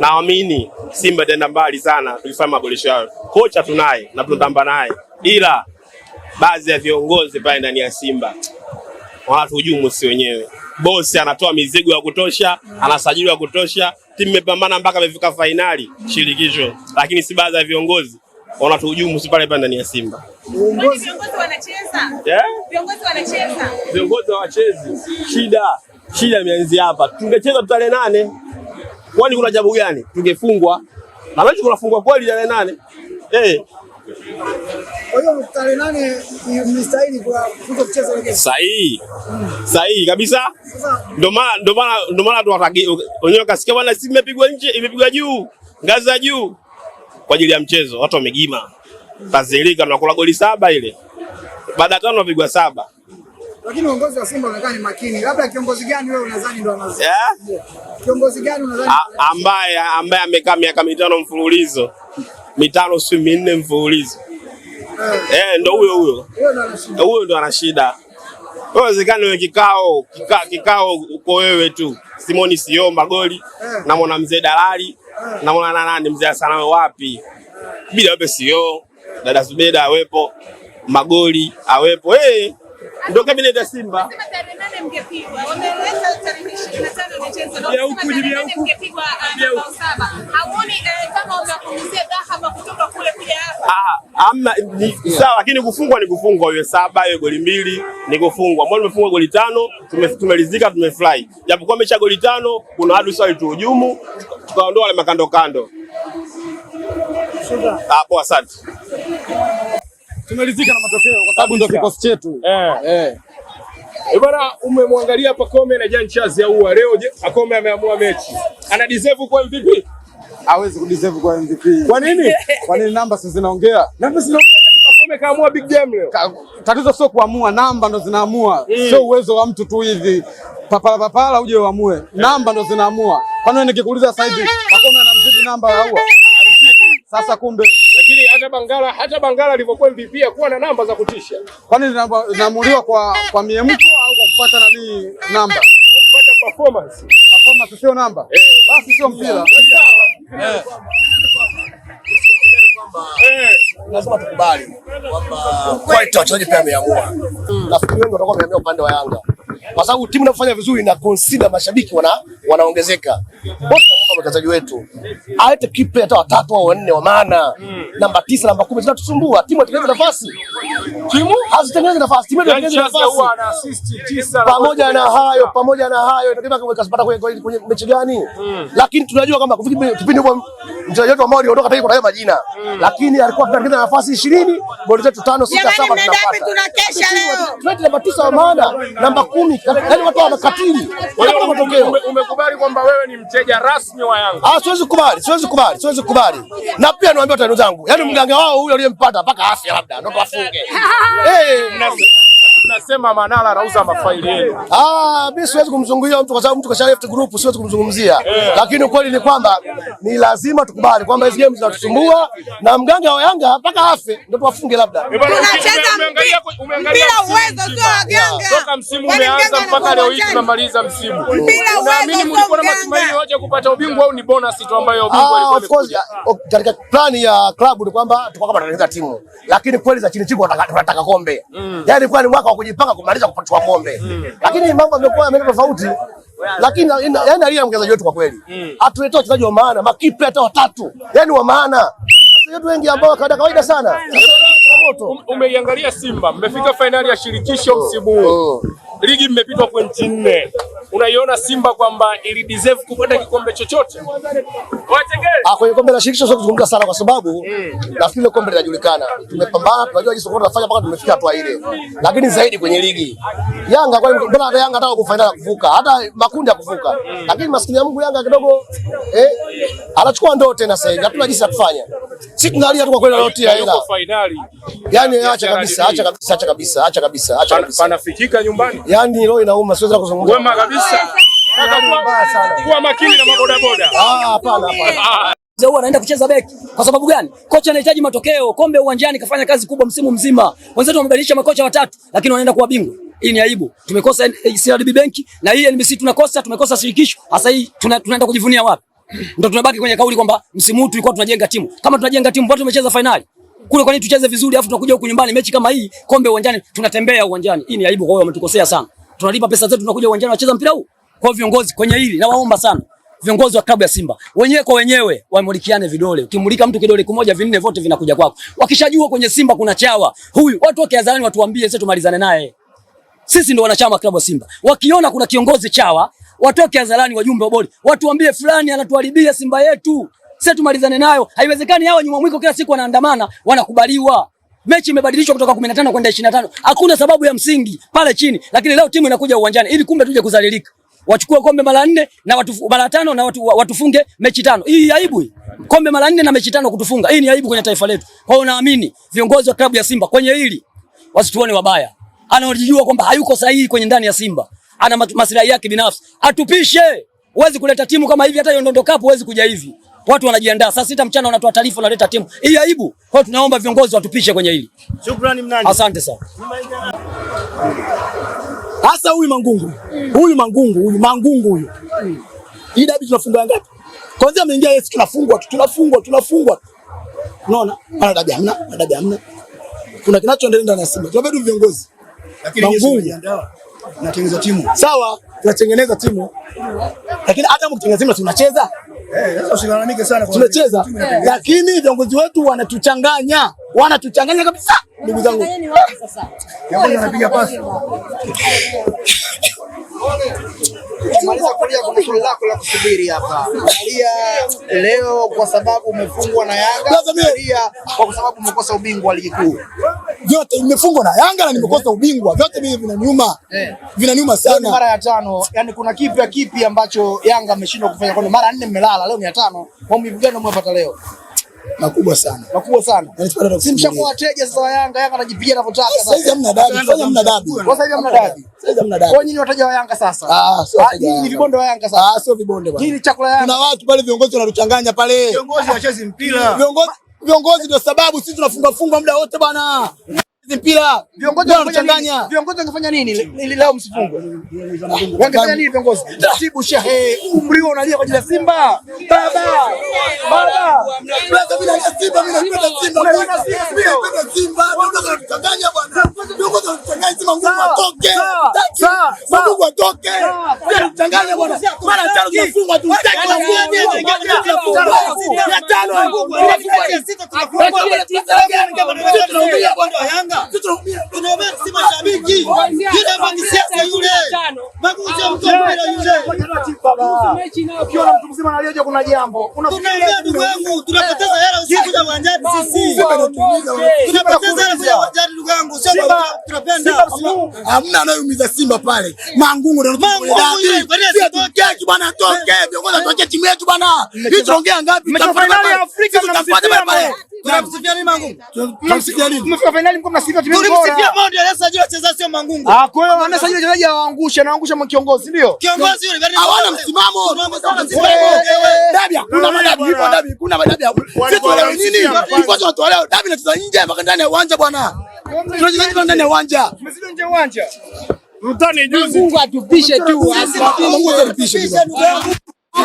naamini Simba itaenda mbali sana tukifanya maboresho yao. Kocha tunaye na tunatamba naye, ila baadhi ya viongozi pale ndani ya Simba wanatuhujumu si wenyewe. Bosi anatoa mizigo ya kutosha, anasajili ya kutosha, timu imepambana mpaka imefika fainali shirikisho, lakini si baadhi ya viongozi wanatuhujumu si pale pale ndani ya Simba. Viongozi wanacheza, yeah? Viongozi wanacheza, viongozi hawachezi. Shida shida imeanzia hapa. Tungecheza tutale nane Kwani kuna jambo gani? Tungefungwa na mechi kunafungwa kweli tarehe nane. Eh, Sahihi. Hmm. Sahihi kabisa. Ndio maana ndio maana ndio maana tunataki wenyewe kasikia bwana, si imepigwa nje, imepigwa juu, ngazi za juu kwa ajili ya mchezo, watu wamegima. Tazilika tunakula goli saba ile. Baada ya tano tunapigwa saba. Lakini uongozi wa Simba unakaa ni makini. Labda kiongozi gani wewe unadhani ndo anazo? Yeah. Kiongozi gani unadhani ambaye ambaye amekaa miaka mitano mfululizo mitano si minne mfululizo eh, eh, ndo huyo huyo huyo ndo ana shida. Wezekana wewe kikao kika, kikao uko wewe tu Simoni Siomba goli eh, na mwana mzee Dalali eh, na mwana nani mzee Hassan wapi bila wewe sio dada Zubeda awepo magoli awepo eh, ndo kabineti ya Simba sawa, lakini kufungwa ni kufungwa, iwe saba iwe goli mbili ni kufungwa. Mbona tumefungwa goli tano, tumelizika, tumefurahi. Japokuwa mechi goli tano, kuna hadu sawa tuhujumu, tukaondoa wale makando kando. Ah, poa, asante tumeridhika na matokeo kwa sababu ndio kikosi chetu. Eh. Eh. Ibara, eh, umemwangalia Pacome na Jean Charles au leo Pacome ameamua mechi. Ana deserve kwa MVP? Hawezi ku deserve kwa MVP. Kwa nini? Kwa nini namba sasa zinaongea? Namba zinaongea kati Pacome kaamua big game leo. Tatizo sio kuamua, namba ndo zinaamua. Mm. Sio uwezo wa mtu tu hivi. Papala papala uje uamue. Yeah. Namba ndo zinaamua. Kwani nikikuuliza sasa hivi Pacome anamzidi namba au? Sasa kumbe hata Bangala hata Bangala alivyokuwa MVP hakuwa na namba za kutisha. Kwani zinamuliwa kwa kwa miemko au kwa kupata nani namba? Kwa kupata performance. Performance sio namba. Eh. Basi sio mpira. Lazima tukubali kwamba Kwaito wachezaji pia ameamua. Nafikiri wengi watakuwa wameamua upande wa Yanga. Kwa sababu timu inafanya vizuri na consider mashabiki wana wanaongezeka wachezaji wetu aete kipe hata watatu au wanne wa maana, namba tisa, namba kumi zinatusumbua. Timu haitengeneze nafasi, timu hazitengeneze nafasi, timu haitengeneze yaani nafasi. Pamoja na hayo, pamoja na hayo, ndio kama kasipata kwenye mechi gani, hmm. lakini tunajua kwamba kufikia kipindi mchezaji wetu ambao aliondoka pale kuna majina mm. lakini alikuwa tunaingiza nafasi 20 goli zetu tano sita saba tunapata. Tunakesha leo. Namba tisa wa maana namba kumi. Yaani watu wamekatili. Wanapata matokeo. Umekubali kwamba wewe ni mteja rasmi wa Yanga? Ah, siwezi kubali, siwezi kubali, siwezi kubali. Na pia niwaambia watani zangu. yani mganga wao huyo aliyempata mpaka afya labda ndio afunge. Eh, Tunasema Manara anauza mafaili yenu. Ah, mimi siwezi kumzungumzia mtu kwa sababu mtu kasha left group, siwezi kumzungumzia yeah. Lakini ukweli ni kwamba ni lazima tukubali kwamba hizo games zinatusumbua na mganga wa Yanga mpaka afe ndio tuwafunge labda. Eh, Tunacheza yaani bila uwezo sio waganga. Toka msimu umeanza mpaka leo hii tunamaliza msimu. Naamini mlikuwa na matumaini waje kupata ubingwa au ni bonus tu ambayo ubingwa ah, ulikuwa? Of course, katika plan ya club ni kwamba tukao kama timu. Lakini kweli za chini chiko tunataka kombe. Mm. Yaani kwa ni mwaka kwa kujipanga kumaliza kupachua kombe, lakini mambo yamekuwa yameenda tofauti. Lakini yani aliye mchezaji wetu kwa kweli atuletee wachezaji wa maana, makipe hata watatu, yani wa maana, wachezaji wengi ambao kawaida kawaida sana. Um, umeiangalia Simba, mmefika fainali ya shirikisho msimu huu, oh. ligi mmepitwa pointi nne unaiona Simba kwamba ili deserve kupata kikombe chochote? Ah, kwenye kombe la shirikisho sio kuzungumza sana, kwa sababu nafikiri ile kombe linajulikana, tumepambana, tunajua jinsi tunafanya mpaka tumefika hatua ile, lakini zaidi kwenye ligi Yanga, kwa mbona hata Yanga anataka kufaidika kuvuka, hata makundi ya kuvuka, lakini maskini ya Mungu Yanga kidogo eh, anachukua ndoo tena sasa hivi, hatuna jinsi ya kufanya sisi tunalia tu kwa kweli, ya hela finali, yani acha kabisa, acha kabisa, acha kabisa, acha kabisa, panafikika nyumbani, Yaani roho inauma, siwezi kuzungumza wema kabisa kabisa. Kuwa makini na mabodaboda. Ah, hapana hapana. Huyu anaenda kucheza beki kwa sababu gani? Kocha anahitaji matokeo. Kombe uwanjani kafanya kazi kubwa msimu mzima. Wenzetu wamebadilisha makocha watatu, lakini wanaenda kuwa bingwa. Hii ni aibu. Tumekosa CRDB Bank na hii NBC tunakosa, tumekosa shirikisho. Sasa hii tunaenda kujivunia wapi? Ndio tunabaki kwenye kauli kwamba msimu huu tulikuwa tunajenga timu. Kama tunajenga timu, bado tumecheza finali. Kule kwa nini tucheze vizuri afu tunakuja huku nyumbani mechi kama hii, kombe uwanjani, tunatembea uwanjani. Hii ni aibu kwa wao, wametukosea sana tunalipa pesa zetu, tunakuja uwanjani wacheza mpira huu. Kwa viongozi kwenye hili nawaomba sana viongozi wa klabu ya Simba wenyewe kwa wenyewe wamulikiane vidole. Ukimulika mtu kidole kimoja, vinne vyote vinakuja kwako. Wakishajua kwenye Simba kuna chawa huyu, watu wake hadharani, watuambie sisi tumalizane naye. Sisi ndio wanachama wa klabu ya Simba. Wakiona kuna kiongozi chawa, watoke hadharani, wajumbe wa bodi watuambie, fulani anatuharibia Simba yetu, sisi tumalizane nayo. Haiwezekani hawa nyuma mwiko kila siku wanaandamana, wanakubaliwa mechi imebadilishwa kutoka 15 kwenda 25. Hakuna sababu ya msingi pale chini, lakini leo timu inakuja uwanjani ili kumbe tuje kuzalilika. Wachukue kombe mara nne na watu mara tano na watu watufunge mechi tano. Hii aibu hii. Kombe mara nne na mechi tano kutufunga. Hii ni aibu kwenye taifa letu. Kwa hiyo naamini viongozi wa klabu ya Simba kwenye hili wasituone wabaya. Anaojijua kwamba hayuko sahihi kwenye ndani ya Simba. Ana maslahi yake binafsi. Atupishe. Huwezi kuleta timu kama hivi hata hiyo ndondokapo huwezi kuja hivi watu wanajiandaa saa sita mchana wanatoa taarifa, wanaleta timu hii, aibu. Kwa tunaomba viongozi watupishe kwenye hili. Shukrani mnani, asante sana. Sasa huyu Mangungu huyu Mangungu huyu Mangungu huyu, hii dabi tunafunga ngapi? Kwanza ameingia Yesu, tunafungwa tu tunafungwa tunafungwa, unaona ana dabi hamna, ana dabi hamna, kuna kinachoendelea ndani ya Simba. Tunabidi viongozi, lakini Mangungu anajiandaa na kutengeneza timu sawa, tunatengeneza timu, lakini hata mkitengeneza timu tunacheza Eh, tunacheza lakini viongozi wetu wanatuchanganya, wanatuchanganya kabisa, ndugu zangu. leo, kwa sababu umefungwa na Yanga kwa sababu umekosa ubingwa wa ligi kuu vyote nimefungwa na Yanga na nimekosa ubingwa, vyote mimi vinaniuma, yeah. vinaniuma sana. Mara ya tano, yani kuna kipi kipi ambacho Yanga ameshindwa kufanya? Kwa mara nne mmelala, leo ni ya tano. Maumivu gani umepata leo? Makubwa sana, makubwa sana. Si mshakuwa wateja sasa wa Yanga. Yanga anajipigia anavyotaka sasa. Sasa hamna dabi, sasa hamna dabi, sasa hivi hamna dabi, sasa hivi hamna dabi. Kwa nini wateja wa Yanga sasa? Ah, sio ah, wateja, ni vibonde wa Yanga sasa. Ah, sio vibonde bwana, hii chakula Yanga. Kuna watu pale viongozi wanatuchanganya pale, viongozi wachezi mpira, viongozi viongozi ndio sababu sisi tunafunga funga muda wote bwana. Mpira viongozi wanachanganya. Viongozi wangefanya nini ili leo msifungwe? Wangefanya nini viongozi? Tibu shehe, umri wao unalia kwa ajili ya Simba. Baba, baba. Bila Simba mimi napenda Simba. Mimi napenda Simba. Viongozi wanachanganya bwana. Viongozi wanachanganya Simba ngumu atoke. Sawa. Mungu atoke. Tangaza bwana, mara tano tunafungwa tu, ya tano tunaumia, tunaumia, tunaumia, si mashabiki. Yule ni siasa yule ukiona mtu mzima analioja kuna jambo. Unafikiria ndugu yangu, tunapoteza eh. hela usiku za uwanjani sisi. Tunapoteza hela za uwanjani ndugu yangu, sio tunapenda. Hamna anayeumiza Simba pale. Mangungu ndio yetu bwana, toke viongozi atoke timu yetu bwana. Hii tunaongea ngapi? Finali ya Afrika tunamsifia nini? Tunamsifia nini Mangungu? Tunamsifia nini? Tumefika finali mko mnasifia timu bora. Tunamsifia Mondi anasajili wachezaji sio Mangungu. Ah, kwa hiyo anasajili wachezaji awaangusha na angusha kiongozi ndio? Kiongozi yule gari hawana msimamo. Dabi hakuna madabi, ipo dabi, kuna madabi. Sisi tuelewe nini? Kwanza watolewe dabi na tunacheza nje mpaka ndani ya uwanja bwana. Tunacheza ndani ya uwanja. Mzidi nje uwanja mtoni juzi. Mungu atupishe tu.